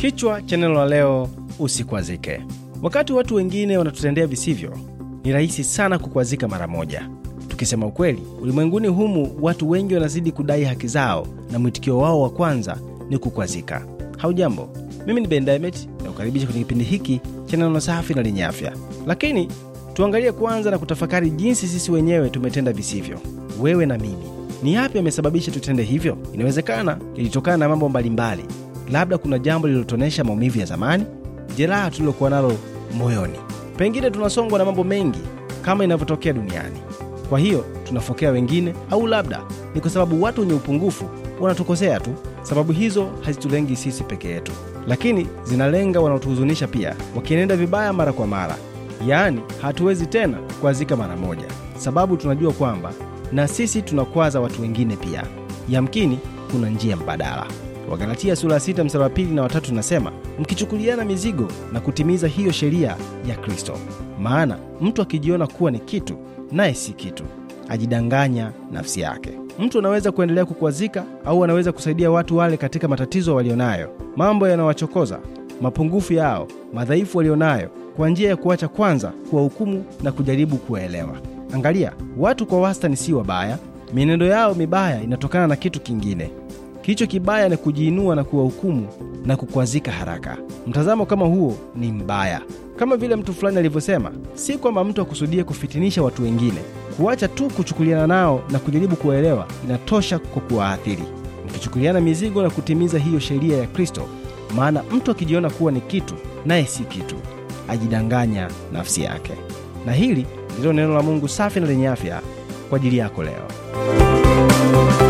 Kichwa cha neno la leo, usikwazike. Wakati watu wengine wanatutendea visivyo, ni rahisi sana kukwazika mara moja. Tukisema ukweli, ulimwenguni humu watu wengi wanazidi kudai haki zao, na mwitikio wao wa kwanza ni kukwazika. Haujambo, mimi ni Ben Diamond na kukaribisha kwenye kipindi hiki cha neno safi na lenye afya. Lakini tuangalie kwanza na kutafakari jinsi sisi wenyewe tumetenda visivyo, wewe na mimi. Ni yapi yamesababisha tutende hivyo? Inawezekana ilitokana na mambo mbalimbali Labda kuna jambo lililotonesha maumivu ya zamani, jeraha tulilokuwa nalo moyoni. Pengine tunasongwa na mambo mengi kama inavyotokea duniani, kwa hiyo tunafokea wengine, au labda ni kwa sababu watu wenye upungufu wanatukosea tu. Sababu hizo hazitulengi sisi peke yetu, lakini zinalenga wanaotuhuzunisha pia, wakienenda vibaya mara kwa mara. Yaani, hatuwezi tena kuazika mara moja, sababu tunajua kwamba na sisi tunakwaza watu wengine pia. Yamkini kuna njia mbadala. Wagalatia sura ya sita mstari wa pili na watatu nasema, mkichukuliana mizigo na kutimiza hiyo sheria ya Kristo. Maana mtu akijiona kuwa ni kitu, naye si kitu, ajidanganya nafsi yake. Mtu anaweza kuendelea kukwazika au anaweza kusaidia watu wale katika matatizo walionayo, mambo yanawachokoza, mapungufu yao, madhaifu walionayo, kwa njia ya kuacha kwanza kuwahukumu na kujaribu kuwaelewa. Angalia, watu kwa wastani si wabaya, mienendo yao mibaya inatokana na kitu kingine. Kilicho kibaya ni kujiinua na kuwahukumu na kukwazika haraka. Mtazamo kama huo ni mbaya, kama vile mtu fulani alivyosema, si kwamba mtu akusudia kufitinisha watu wengine. Kuacha tu kuchukuliana nao na kujaribu kuwaelewa inatosha kwa kuwaathiri. Mkichukuliana mizigo na kutimiza hiyo sheria ya Kristo, maana mtu akijiona kuwa ni kitu naye si kitu, ajidanganya nafsi yake. Na hili ndilo neno la Mungu safi na lenye afya kwa ajili yako leo.